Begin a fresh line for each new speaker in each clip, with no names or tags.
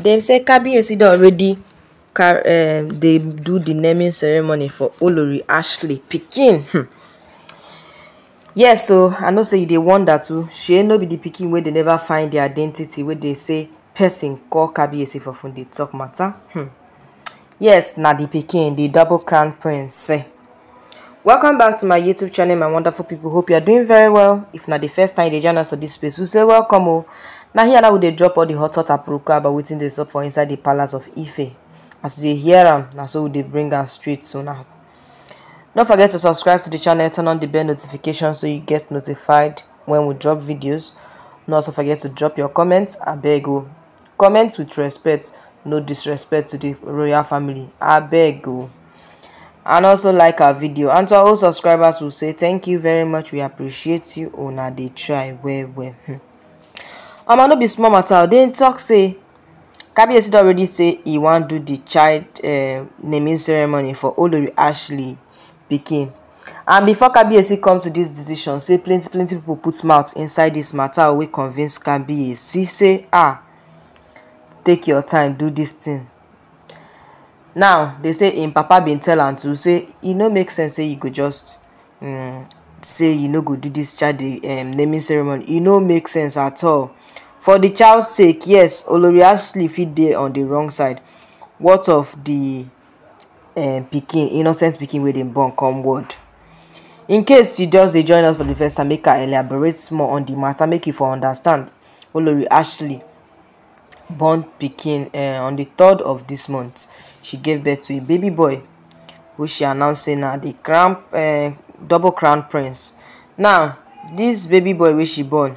dem say kabiyesi don already um dey do the naming ceremony for olori ashley pikin um yes so i know say you dey wonder too shey no be the pikin wey dey never find di identity wey dey say person call kabiyesi for phone dey tok matter. um yes na the pikin the double crown prince eh. welcome back to my youtube channel my wonderful people hope you are doing very well if na the first time you dey join us for this space we say welcome o oh. Now here now they drop all the hot hot aproko about waiting the sup for inside the palace of ife as they hear them now so we bring us straight to now don't forget to subscribe to the channel turn on the bell notification so you get notified when we drop videos no also forget to drop your comments beg you, comments with respect no disrespect to the royal family beg you, and also like our video and to all subscribers we say thank you very much we appreciate you una they try well well hmm. omo no be small matter o dem talk say kabiyesi don already say e wan do di child um naming ceremony for olori ashley pikin and before kabiyesi come to dis decision say plenty plenty pipo put mouth inside dis matter wey convince kabiyesi say ah take your time do dis thing. now dey say im papa bin tell am too say e no make sense say you go just um say you no go do this child um, naming ceremony e no make sense at all for the child sake yes olori ashley fit dey on the wrong side what of the, um, pikin innocent pikin wey dem born come world in case you just dey join us for the first time make i elaborate small on the matter make you for understand olori ashley born pikin uh, on the third of this month she gave birth to a baby boy who she announce say na di uh. Um, double crown prince now this baby boy wey she born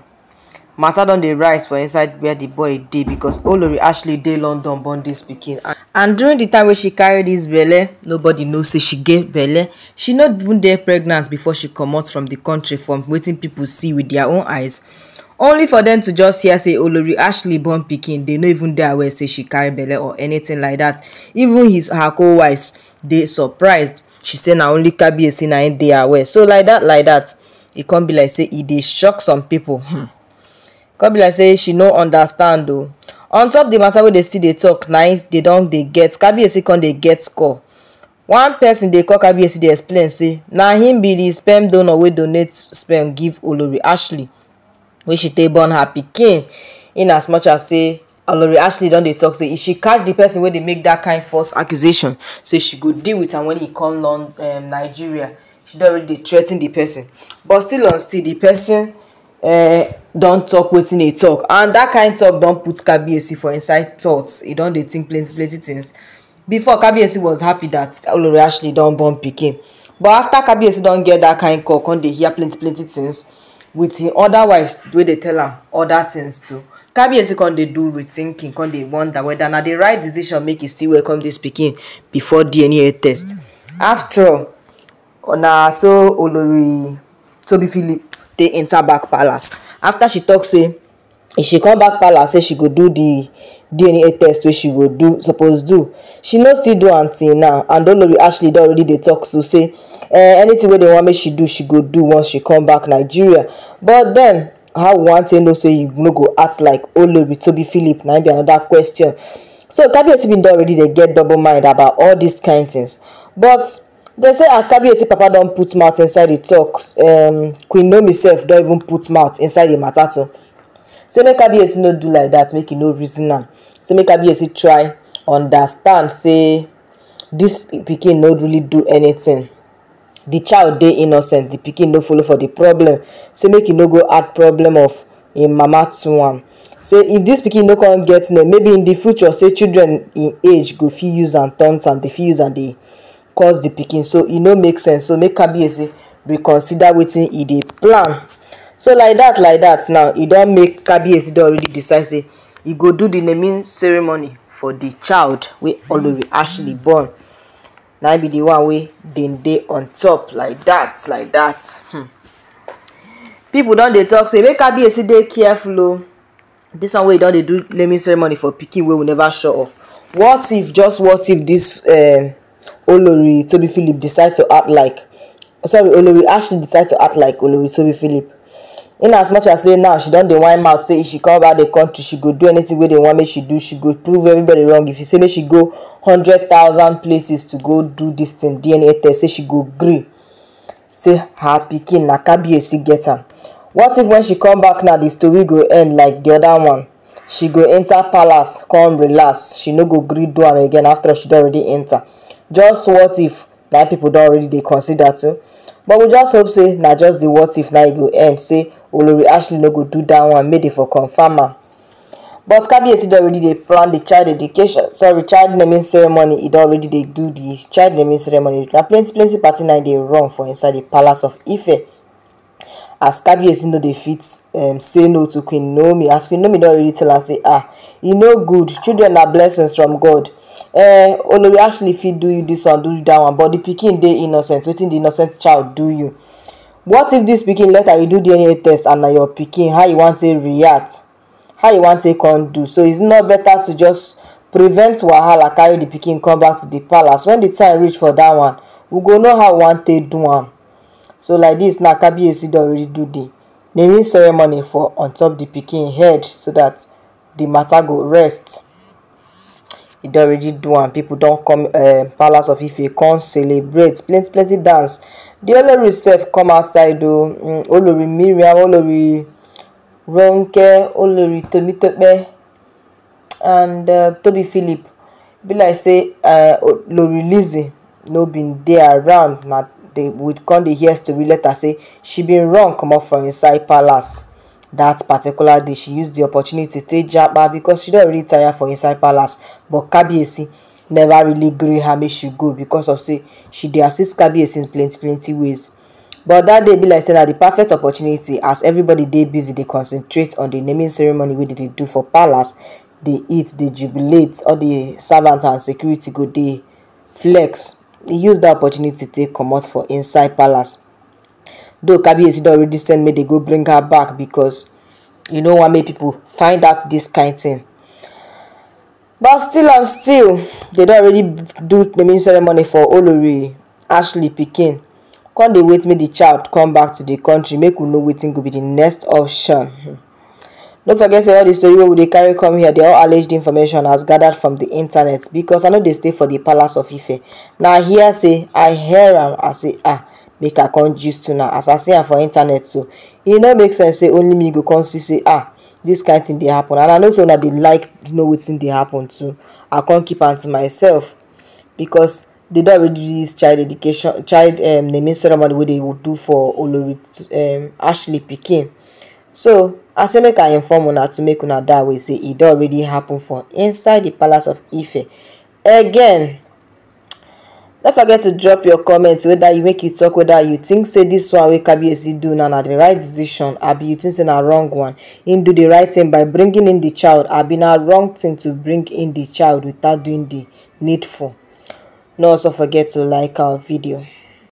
matter don dey rise for inside where the boy dey because olori ashley dey london born dis pikin and during the time wey she carry dis belle nobody know say she get belle she no even dey pregnant before she comot from the country from wetin people see with their own eyes only for them to just hear say olori ashley born pikin They no even dey aware say she carry belle or anything like that. even his her co-wives dey surprised she say na only kabiyesi na im dey her so like that, like that, e come be like say e dey shock some people. hmm. E come be like say she no understand o on top the matter wey dey still dey talk na if they don dey get kabiyesi come dey get score one person dey call kabiyesi dey explain say na him be the sperm donor wey donate sperm give olori ashley wey she take born her pikin in as much as say olori ashley don dey tok say if she catch the person wey dey make that kind false accusation say she go deal with am When he come um, nigeria she don already dey threa ten di person but still on still the person uh, don talk wetin e talk. and that kind talk don put kabiyesi for inside thoughts e don dey think plenty plenty things. before kabiyesi was happy that olori ashley don born pikin but after kabiyesi don get that kind call come dey hear plenty plenty things with him other wives wey dey tell am other things too kabiyesi come dey do rethinking come dey wonder whether na the right decision make e still welcome dis pikin before dna test mm -hmm. after na so olori tobi philip dey enter back palace after she talk say if she come back palace say she go do the dna test wey she go do suppose do she no still do am till now and don't olori ashley don already dey talk to say eh, anything wey dem want make she do she go do once she come back nigeria but then how we wan take know say you no go act like olori tobi philip na be another question so kabiyesi bin don already dey get double mind about all dis kain tins but dem say as kabiyesi papa don put mouth inside di tok queen nomi sef don even put mouth inside di matter too say make kabiyesi no do like that, make e no reason am say make kabiyesi try understand say this pikin no really do anything The child dey innocent the pikin no follow for the problem say make e no go add problem of im mama to am say if this pikin no come get name maybe in the future say children im age go fit use am turn am dey fit use am dey cause the pikin so e no make sense so make kabiyesi reconsider wetin e dey plan so like that, like that. now e don make KBS. don already decide say e go do the naming ceremony for the child wey olori ashley born na be the one wey bin dey on top like that, like that. hmm. pipo don dey tok say make KBS dey careful o This one wey e don dey do naming ceremony for pikin wey we never sure of what if just what if this um, olori Toby philip decide to act like sorry olori ashley decide to act like olori Toby philip in as much as say now she don dey whine mouth say if she come back the country she go do anything wey they want make she do she go prove everybody wrong if you say make she go hundred thousand places to go do dis thing dna test say she go gree say her pikin na kabiyesi get am what if when she come back now di story go end like the other one she go enter palace come relax she no go gree do am again after she don already enter just what if na people don already dey consider too but we just hope say na just the what if now e go end say olori ashley no go do dat one make dey for confam am but kabiyesi don already dey plan di child education sorry child naming ceremony e don already dey do di child naming ceremony na plenty plenty party na dey run for inside di palace of ife as kabiyesi no dey fit um, say no to queen naomi as queen naomi don already tell am say ah e no good children na blessings from god eh olori ashley fit do you dis one do you dat one but di pikin dey innocent wetin di innocent child do you what if dis pikin later you do dna test and na your pikin how you wan take react how you wan take come do so it's not better to just prevent wahala carry the pikin come back to the palace when the time reach for that one we go know how we wan take do am so like this na kabiyesi don already do the naming ceremony for on top the pikin head so that the matter go rest e don already do am people don come eh, palace of ife come celebrate plenty plenty dance The olori sef come outside o mm, olori miriam olori ronke olori temitope and eh, Toby philip be like say eh, olori lizzie no been dey around na we con dey hear story later say she bin run comot from inside palace That particular day, she used the opportunity to take Japa because she don't really tire for inside palace. But Kabiyesi never really gree her make she go because of say she dey assist Kabiyesi in plenty plenty ways. But that day be like say na the perfect opportunity as everybody dey busy dey concentrate on the naming ceremony wey dey dey do for palace, dey eat, dey jubilate, all the servants and security go dey flex. E use that opportunity take comot for inside palace. Though Kabi Yesid already sent me, they go bring her back because you know what made people find out this kind of thing. But still and still, they don't already do the main ceremony for Olori, Ashley Pikin. Can they wait me the child come back to the country, make we know waiting could be the next option. Don't forget all the story where the carry come here they all alleged information as gathered from the internet because i know they stay for the palace of ife Now here say i hear them, I say ah make i come gist na as i see am for internet so e no make sense say only me go come see say ah this kind thing dey happen and i know say una dey like know wetin dey happen too i come keep am to myself because they don already do this child education child um, naming ceremony wey they would do for olori um, ashley pikin so i say make i inform una to make una that way say e don already happen for inside the palace of ife again no forget to drop your comment whether you make you talk whether you think say this one wey kabiyesi do na na the right decision abi you think say na wrong one him do the right thing by bringing in the child abi na wrong thing to bring in the child without doing the needful no also forget to like our video.